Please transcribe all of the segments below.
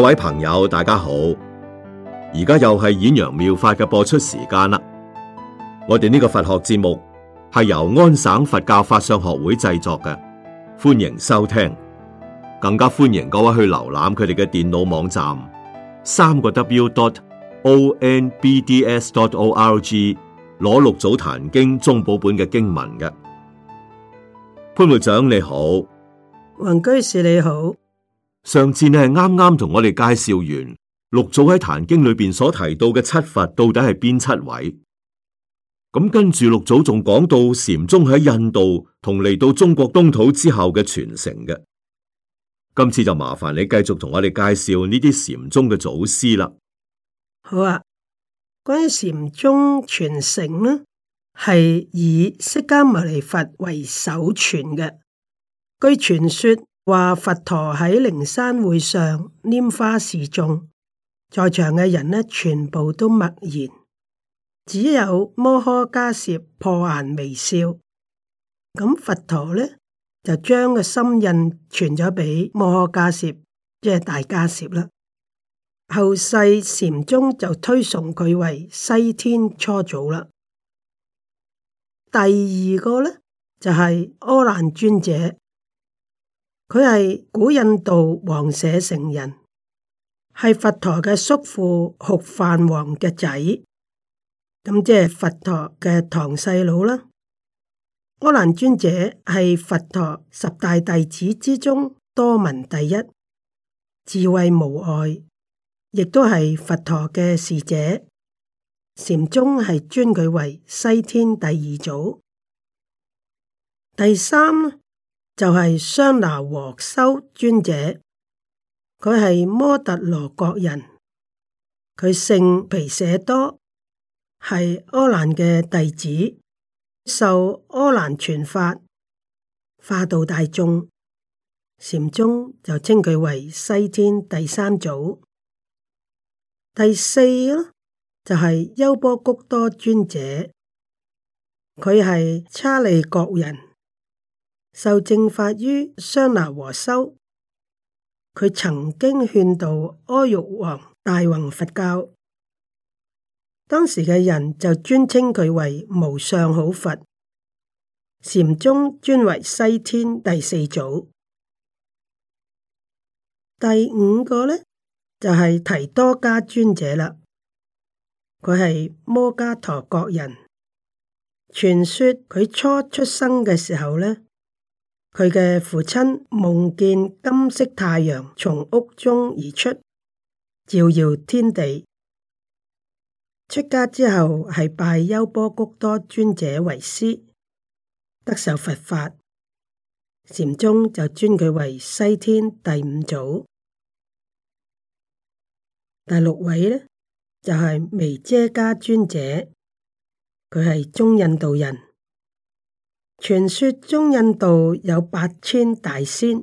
各位朋友，大家好！而家又係演陽妙法嘅播出時間啦。我哋呢個佛學節目係由安省佛教法相學會製作嘅，歡迎收聽。更加歡迎各位去瀏覽佢哋嘅電腦網站，三個 w dot onbds dot org 攞六祖壇經中寶本嘅經文嘅。潘會長你好，雲居士你好。上次你係啱啱同我哋介紹完六祖喺《壇經》裏邊所提到嘅七佛到底係邊七位，咁跟住六祖仲講到禪宗喺印度同嚟到中國東土之後嘅傳承嘅，今次就麻煩你繼續同我哋介紹呢啲禪宗嘅祖師啦。好啊，關於禪宗傳承呢，係以釋迦牟尼佛為首傳嘅，據傳說。話佛陀喺靈山會上拈花示眾，在場嘅人呢全部都默然，只有摩訶迦葉破顏微笑。咁佛陀呢就將個心印傳咗俾摩訶迦葉，即係大迦葉啦。後世禪宗就推崇佢為西天初祖啦。第二個呢就係、是、阿難尊者。佢係古印度王舍城人，係佛陀嘅叔父斛飯王嘅仔，咁即係佛陀嘅堂細佬啦。阿難尊者係佛陀十大弟子之中多聞第一，智慧無礙，亦都係佛陀嘅侍者。禪宗係尊佢為西天第二祖，第三就係商拿和修尊者，佢係摩特羅國人，佢姓皮舍多，係柯難嘅弟子，受柯難傳法，化度大眾，禪宗就稱佢為西天第三祖。第四，就係優波谷多尊者，佢係差利國人。受正法於商那和修，佢曾經勸導阿育王大弘佛教，當時嘅人就尊稱佢為無上好佛。禪宗尊為西天第四祖，第五個呢，就係、是、提多迦尊者啦，佢係摩伽陀國人，傳說佢初出生嘅時候呢。佢嘅父親夢見金色太陽從屋中而出，照耀天地。出家之後係拜優波谷多尊者為師，得受佛法。禪宗就尊佢為西天第五祖。第六位呢，就係彌遮迦尊者，佢係中印度人。傳說中印度有八千大仙，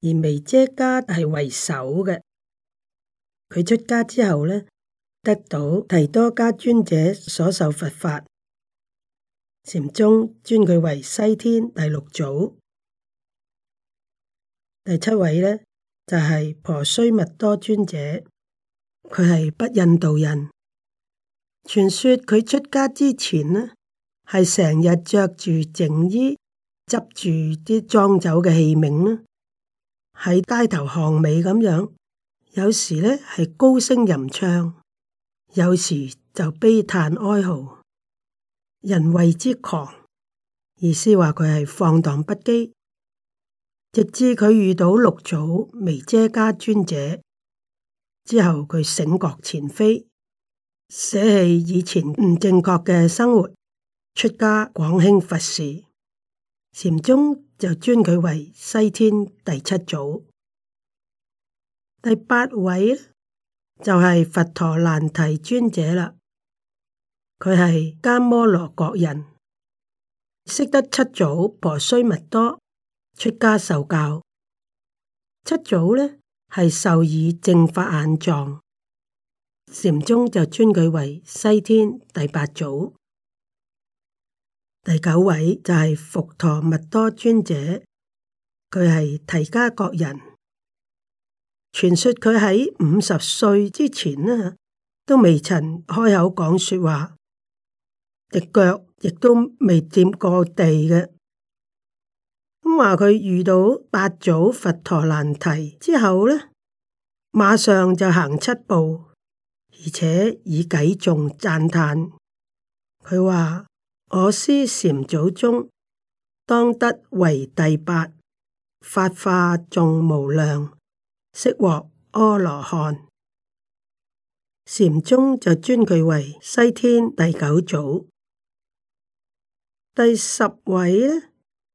而彌遮迦係為首嘅。佢出家之後呢，得到提多迦尊者所受佛法，禪宗尊佢為西天第六祖。第七位呢，就係、是、婆須密多尊者，佢係北印度人。傳說佢出家之前呢，係成日着住淨衣，執住啲裝酒嘅器皿啦，喺街頭巷尾咁樣。有時呢係高聲吟唱，有時就悲嘆哀號。人為之狂，意思話佢係放蕩不羈。直至佢遇到六祖彌遮迦尊者之後，佢醒覺前非，捨棄以前唔正確嘅生活。出家廣興佛事，禪宗就尊佢為西天第七祖。第八位就係、是、佛陀難提尊者啦，佢係迦摩羅國人，識得七祖婆須密多出家受教。七祖呢係授以正法眼藏，禪宗就尊佢為西天第八祖。第九位就係佛陀密多尊者，佢係提加國人。傳說佢喺五十歲之前呢，都未曾開口講說話，隻腳亦都未掂過地嘅。咁話佢遇到八祖佛陀難提之後呢，馬上就行七步，而且以偈頌讚嘆。佢話。我師禪祖宗，當得為第八，法化眾無量，識獲阿羅漢。禪宗就尊佢為西天第九祖。第十位呢，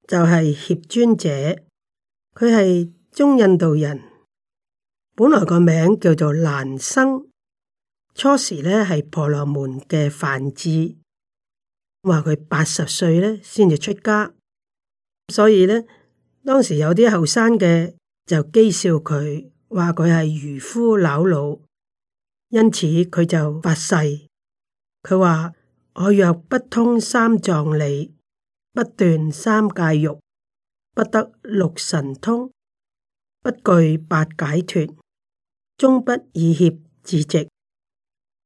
就係、是、脅尊者，佢係中印度人，本來個名叫做蘭生，初時呢係婆羅門嘅梵志。話佢八十歲咧先至出家，所以呢，當時有啲後生嘅就譏笑佢，話佢係愚夫扭佬，因此佢就發誓，佢話，我若不通三藏理，不斷三界欲，不得六神通，不具八解脫，終不以脅至席。嗯，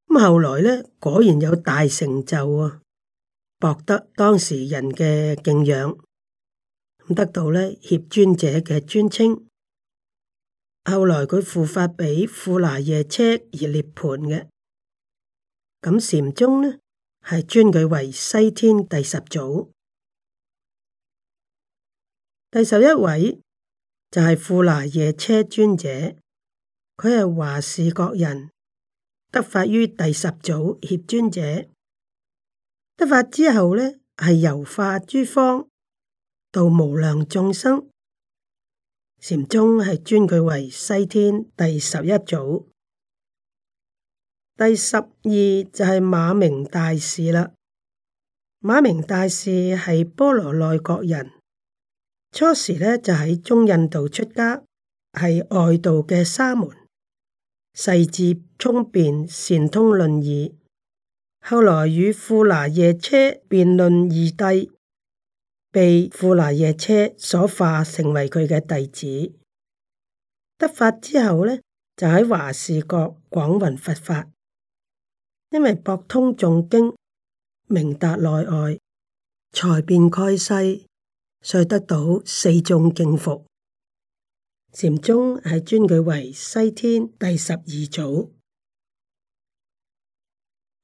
咁後來咧果然有大成就啊！博得當時人嘅敬仰，得到呢協尊者嘅尊稱。後來佢付法俾富拿夜車而涅槃嘅，咁禪宗呢係尊佢為西天第十祖，第十一位就係富拿夜車尊者，佢係華氏國人，得法於第十祖協尊者。得法之後呢，係遊化諸方，度無量眾生。禪宗係尊佢為西天第十一祖，第十二就係馬鳴大士啦。馬鳴大士係波羅奈國人，初時呢就喺中印度出家，係外道嘅沙門，細緻聰辯，善通論議。後來與富那夜車辯論二諦，被富那夜車所化，成為佢嘅弟子。得法之後呢，就喺華氏國廣弘佛法。因為博通眾經，明達內外，才辯蓋世，遂得到四眾敬服。禪宗係尊佢為西天第十二祖。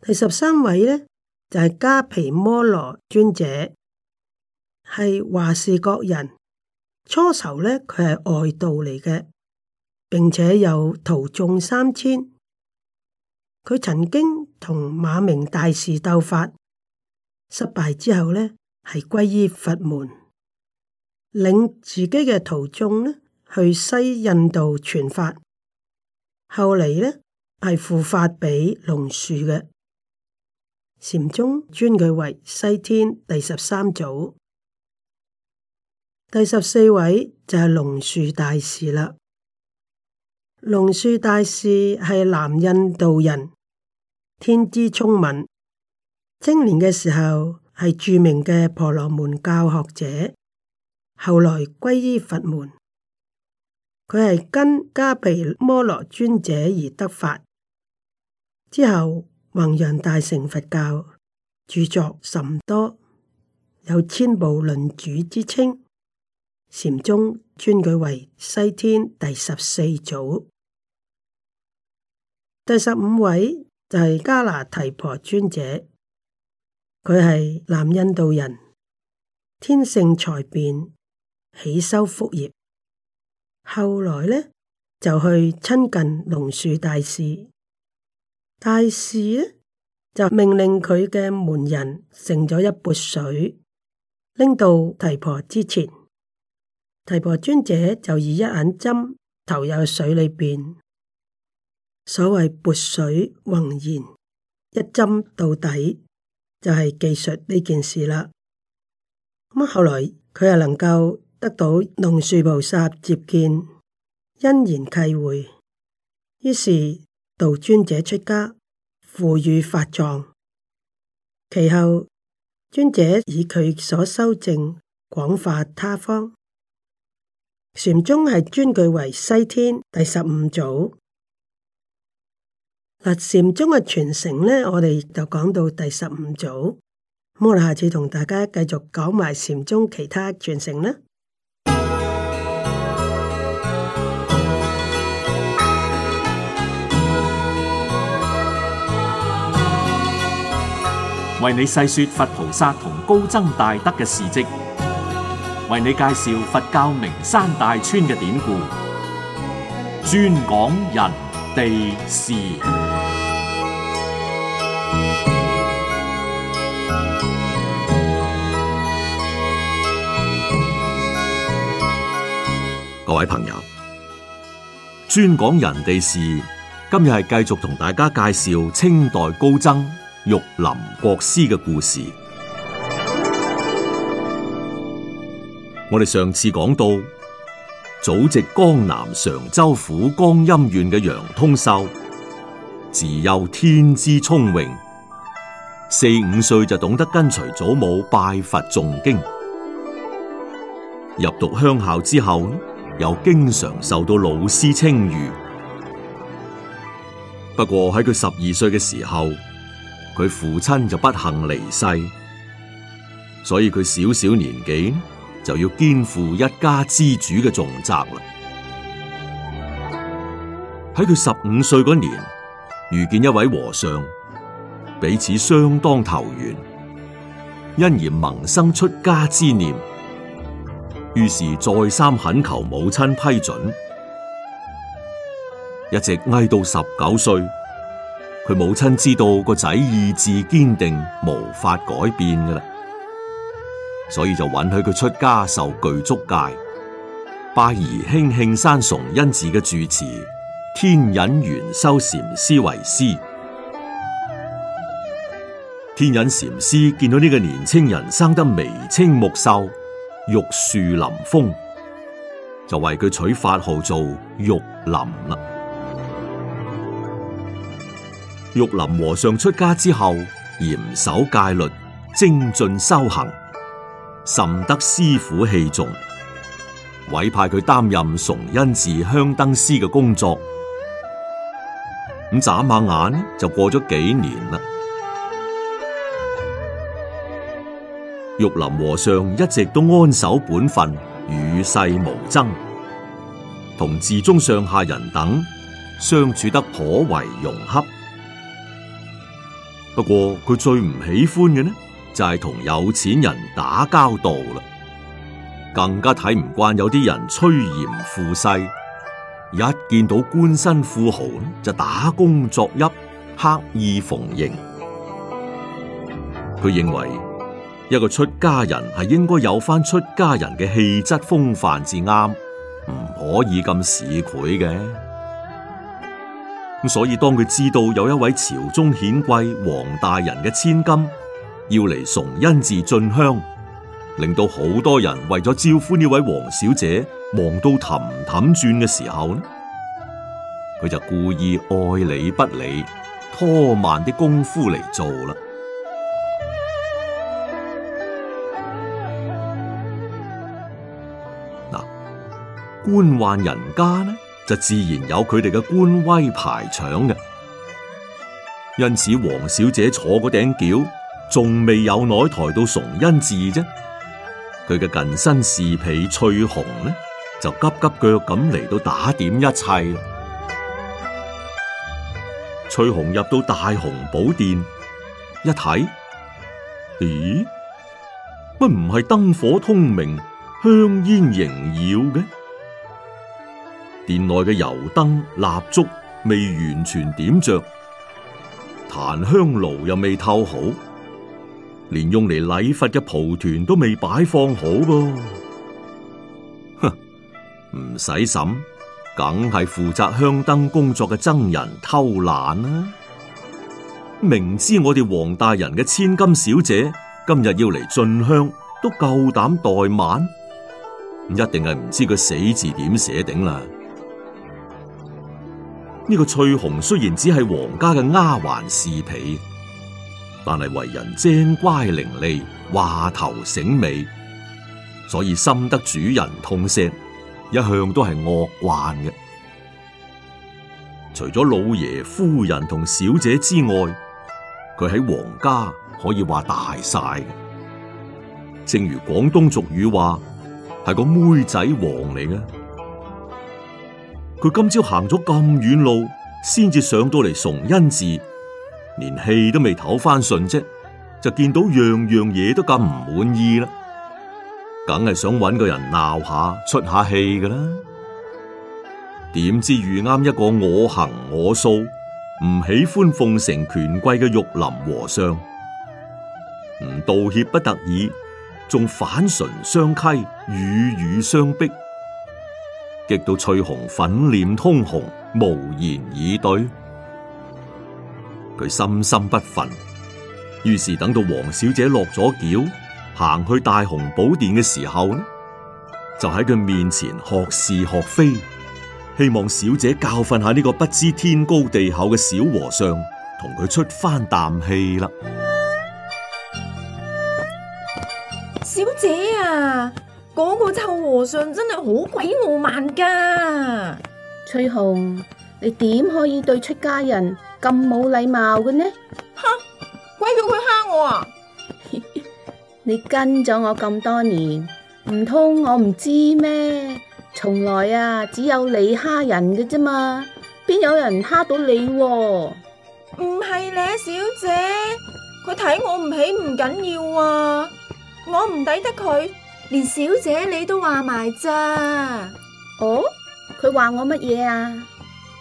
第十三位呢，就係迦毗摩羅尊者，係華氏國人。初時呢，佢係外道嚟嘅，並且有徒眾三千。佢曾經同馬明大士鬥法，失敗之後呢，係歸依佛門，領自己嘅徒眾咧去西印度傳法。後嚟呢，係付法俾龍樹嘅。禪宗尊佢為西天第十三祖，第十四位就係龍樹大士啦。龍樹大士係南印度人，天資聰敏，青年嘅時候係著名嘅婆羅門教學者，後來歸依佛門。佢係跟加毗摩羅尊者而得法之後。弘揚大乘佛教著作甚多，有千部論主之稱。禪宗尊佢為西天第十四祖，第十五位就係迦那提婆尊者。佢係南印度人，天性才辯，喜修福業。後來呢，就去親近龍樹大師。大士咧，就命令佢嘅門人盛咗一缽水，拎到提婆之前，提婆尊者就以一銀針投入水裏邊，所謂缽水宏然一針到底，就係、是、技術呢件事啦。咁啊，後來佢又能夠得到龍樹菩薩接見，欣然契會，於是。道尊者出家，賦予法藏。其後尊者以佢所修正廣化他方禪宗係尊佢為西天第十五祖。嗱，禪宗嘅傳承呢，我哋就講到第十五祖。咁我哋下次同大家繼續講埋禪宗其他傳承啦。為你細說佛菩薩同高僧大德嘅事跡，為你介紹佛教名山大川嘅典故，專講人地事。各位朋友，專講人地事，今日係繼續同大家介紹清代高僧。玉林國師嘅故事，我哋上次講到，祖籍江南常州府江陰縣嘅楊通秀，自幼天資聰穎，四五歲就懂得跟隨祖母拜佛誦經，入讀鄉校之後，又經常受到老師稱譽。不過喺佢十二歲嘅時候，佢父親就不幸離世，所以佢小小年紀就要肩負一家之主嘅重責。喺佢十五歲嗰年，遇見一位和尚，彼此相當投緣，因而萌生出家之念。於是再三懇求母親批准，一直挨到十九歲。佢母親知道個仔意志堅定，無法改變噶啦，所以就允許佢出家受具足戒，拜宜興慶山崇恩寺嘅住持天隱元修禪師為師，天隱禪師見到呢個年青人生得眉清目秀、玉樹臨風，就為佢取法號做玉林啦。玉林和尚出家之後，嚴守戒律，精進修行，甚得師傅器重，委派佢擔任崇恩寺香燈師嘅工作。咁眨下眼就過咗幾年啦。玉林和尚一直都安守本分，與世無爭，同寺中上下人等相處得頗為融洽。不過佢最唔喜歡嘅，呢，就係、是、同有錢人打交道啦，更加睇唔慣有啲人趨炎附勢，一見到官紳富豪就打躬作揖，刻意逢迎。佢認為一個出家人係應該有翻出家人嘅氣質風範至啱，唔可以咁市儈嘅。咁所以當佢知道有一位朝中顯貴黃大人嘅千金要嚟崇恩寺進香，令到好多人為咗招呼呢位黃小姐忙到氹氹轉嘅時候，佢就故意愛理不理，拖慢啲功夫嚟做啦。嗱、啊，官宦人家呢，就自然有佢哋嘅官威排場嘅，因此黃小姐坐嗰頂轎仲未有耐抬到崇恩寺啫，佢嘅近身侍婢翠紅呢就急急腳咁嚟到打點一切。翠紅入到大雄寶殿一睇，咦，乜唔係燈火通明、香煙縈繞嘅？殿內嘅油燈蠟燭未完全點着，檀香爐又未透好，連用嚟禮佛嘅蒲團都未擺放好噃。哼，唔使審，梗係負責香燈工作嘅僧人偷懶啦、啊。明知我哋黃大人嘅千金小姐今日要嚟進香，都夠膽怠慢，一定係唔知個死字點寫頂啦。呢個翠紅雖然只係皇家嘅丫鬟侍婢，但係為人精乖伶俐，話頭醒尾，所以深得主人痛錫，一向都係惡慣嘅。除咗老爺、夫人同小姐之外，佢喺皇家可以話大晒嘅。正如廣東俗語話：係個妹仔王嚟嘅。佢今朝行咗咁遠路，先至上到嚟崇恩寺，連氣都未唞翻順啫，就見到樣樣嘢都咁唔滿意啦，梗係想揾個人鬧下出下氣噶啦。點知遇啱一個我行我素、唔喜歡奉承權貴嘅玉林和尚，唔道歉不得已，仲反唇相譏，語語相逼。激到翠紅粉臉通紅，無言以對。佢心心不忿，於是等到黃小姐落咗轎，行去大雄寶殿嘅時候呢，呢就喺佢面前學是學非，希望小姐教訓下呢個不知天高地厚嘅小和尚，同佢出翻啖氣啦。小姐啊！嗰個臭和尚真係好鬼傲慢噶，翠紅，你點可以對出家人咁冇禮貌，嘅呢？吓，鬼叫佢蝦我啊！你跟咗我咁多年，唔通我唔知咩？從來啊，只有你蝦人嘅啫嘛，邊有人蝦到你？唔係咧，小姐，佢睇我唔起唔緊要啊，我唔抵得佢。連小姐你都話埋咋？哦，佢話我乜嘢？啊，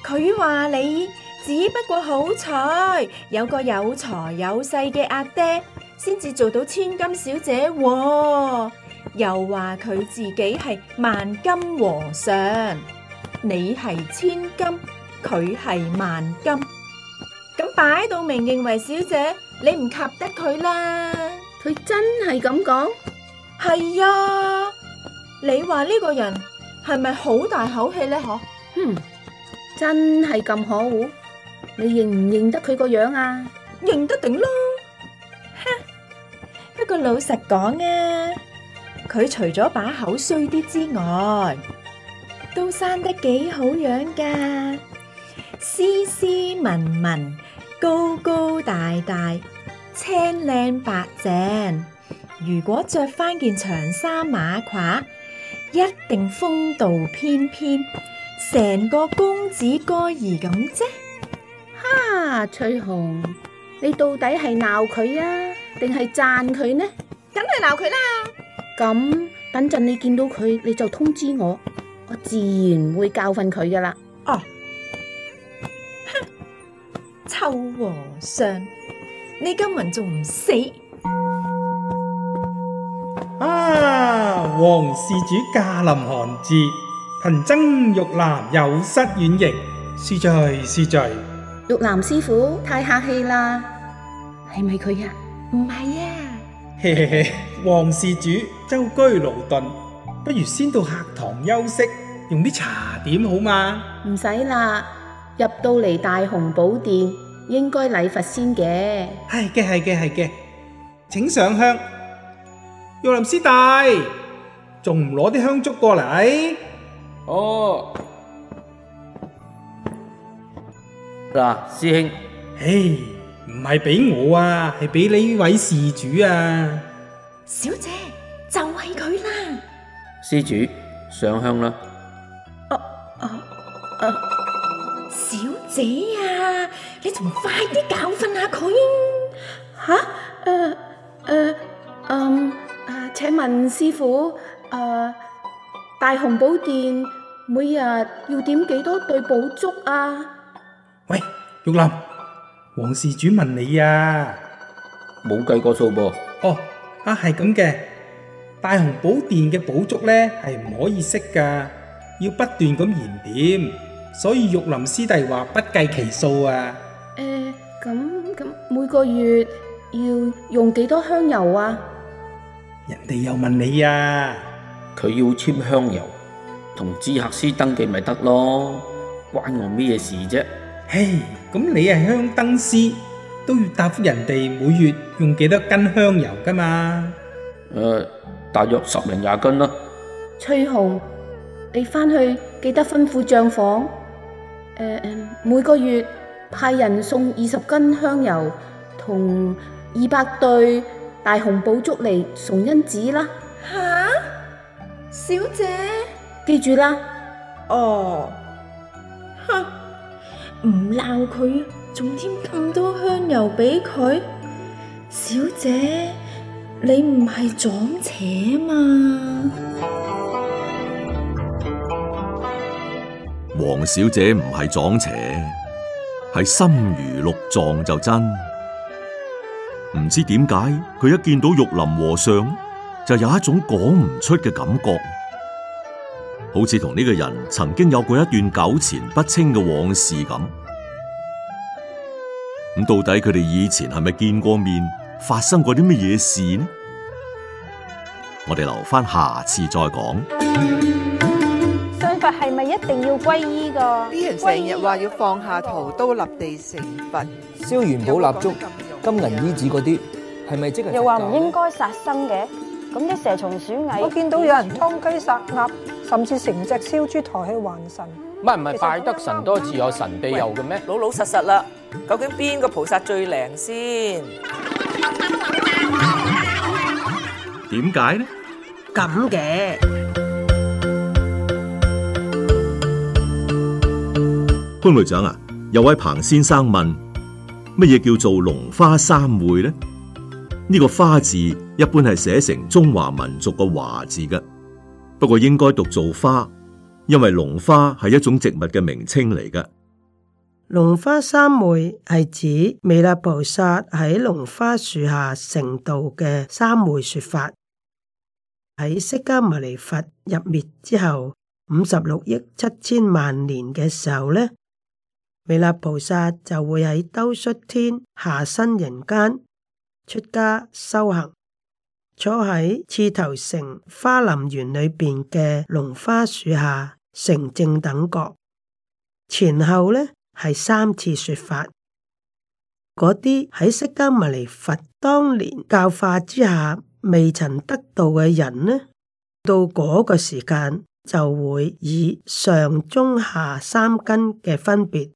佢話你只不過好彩有個有財有勢嘅阿爹，先至做到千金小姐喎。又話佢自己係萬金和尚，你係千金，佢係萬金，咁擺到明認為小姐你唔及得佢啦。佢真係咁講？係呀，啊，你話呢個人係咪好大口氣呢？嗬，嗯，真係咁可惡！你認唔認得佢個樣啊？認得定咯，哈！不過老實講啊，佢除咗把口衰啲之外，都生得幾好樣噶，斯斯文文，高高大大，青靚白淨。如果着翻件長衫馬褂，一定風度翩翩，成個公子哥兒咁啫。哈，翠紅，你到底係鬧佢啊，定係讚佢呢？梗係鬧佢啦。咁等陣你見到佢，你就通知我，我自然會教訓佢噶啦。哦，哼，臭和尚，你今日仲唔死？王事主駕臨寒寺，貧僧玉蘭有失遠迎，恕罪恕罪。玉蘭師傅太客氣啦，係咪佢呀？唔係啊。嘿嘿嘿，黃事主舟居勞頓，不如先到客堂休息，用啲茶點好嗎？唔使啦，入到嚟大雄寶殿，應該禮佛先嘅。係嘅係嘅係嘅，請上香。玉蘭師弟。仲唔攞啲香燭過嚟？哦，嗱，師兄，嘿，唔係俾我啊，係俾你呢位施主啊。小姐，就係佢啦。施主上香啦。哦哦哦，小姐啊，你仲唔快啲教訓下佢？吓？誒誒，嗯，啊，請問師傅。誒，大雄寶殿每日要點幾多對寶燭啊？喂，玉林，黃施主問你啊，冇計過數噃。哦，啊係咁嘅，大雄寶殿嘅寶燭咧係唔可以熄噶，要不斷咁燃點，所以玉林師弟話不計其數啊。誒，咁咁每個月要用幾多香油啊？人哋又問你啊。佢要簽香油同知客司登記，咪得咯？關我咩事啫？嘿，咁你係香燈師都要答覆人哋每月用幾多斤香油噶嘛？誒，大約十零廿斤啦。翠紅，你翻去記得吩咐帳房，誒誒，每個月派人送二十斤香油同二百對大紅寶竹嚟崇恩寺啦。嚇！小姐，記住啦。哦，哼，唔鬧佢，仲添咁多香油俾佢。小姐，你唔係撞邪嘛？黃小姐唔係撞邪，係心如鹿撞就真。唔知點解佢一見到玉林和尚，就有一種講唔出嘅感覺，好似同呢個人曾經有過一段糾纏不清嘅往事咁。咁到底佢哋以前係咪見過面，發生過啲乜嘢事呢？我哋留翻下,下次再講。信佛係咪一定要皈依噶？成日話要放下屠刀立地成佛，燒元寶蠟燭、有有金銀衣紙嗰啲，係咪即係又話唔應該殺生嘅？咁啲蛇蟲鼠蟻，我見到有人劏雞殺鴨，甚至成隻燒豬抬起還神。唔係唔係，拜得神多自有神庇佑嘅咩？老老實實啦，究竟邊個菩薩最靈先？點解呢？咁嘅，潘會長啊，有位彭先生問：乜嘢叫做龍華三會呢？呢個花字一般係寫成中華民族個華字嘅，不過應該讀做花，因為龍花係一種植物嘅名稱嚟㗎。龍花三昧係指彌勒菩薩喺龍花樹下成道嘅三昧說法。喺釋迦牟尼佛入滅之後五十六億七千萬年嘅時候咧，彌勒菩薩就會喺兜率天下身人間。出家修行，坐喺刺頭城花林園裏邊嘅龍花樹下，成正等覺。前後呢係三次說法，嗰啲喺釋迦牟尼佛當年教化之下未曾得道嘅人呢，到嗰個時間就會以上中下三根嘅分別，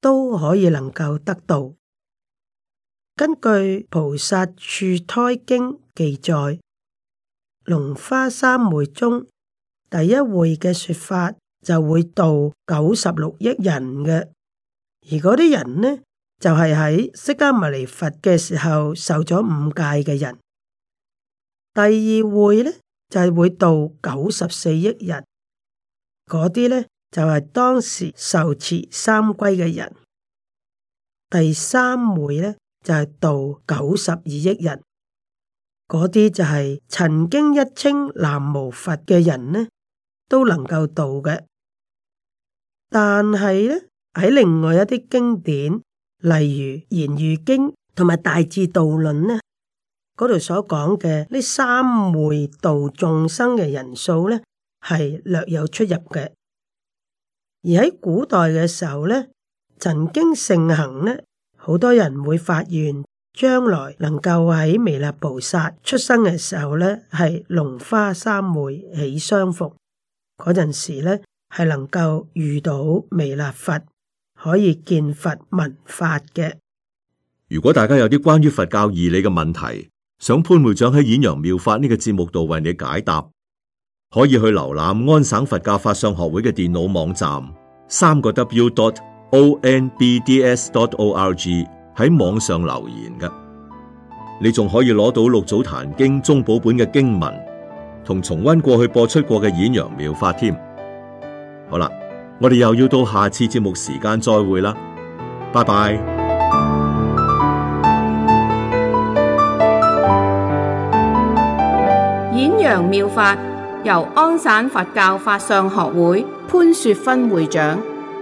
都可以能夠得道。根據《菩薩處胎經》記載，龍華三會中第一會嘅說法就會度九十六億人嘅，而嗰啲人呢就係、是、喺釋迦牟尼佛嘅時候受咗五戒嘅人。第二會呢就係會度九十四億人，嗰啲呢就係、是、當時受持三歸嘅人。第三會呢，就係度九十二億人，嗰啲就係曾經一稱南無佛嘅人呢，都能夠度嘅。但係呢喺另外一啲經典，例如《賢愚經》同埋《大智度論》呢，嗰度所講嘅呢三昧度眾生嘅人數呢，係略有出入嘅。而喺古代嘅時候呢，曾經盛行呢。好多人會發現，將來能夠喺彌勒菩薩出生嘅時候咧，係龍華三會起相逢。嗰陣時咧，係能夠遇到彌勒佛，可以見佛聞法嘅。如果大家有啲關於佛教義理嘅問題，想潘會長喺《演揚妙法》呢個節目度為你解答，可以去瀏覽安省佛教法相學會嘅電腦網站，三個 W dot。Onbds.org 喺網上留言㗎，你仲可以攞到六祖壇經中寶本嘅經文，同重温過去播出過嘅演揚妙法添。了好啦，我哋又要到下次節目時間再會啦，拜拜。演揚妙法由安省佛教法相學會潘雪芬會長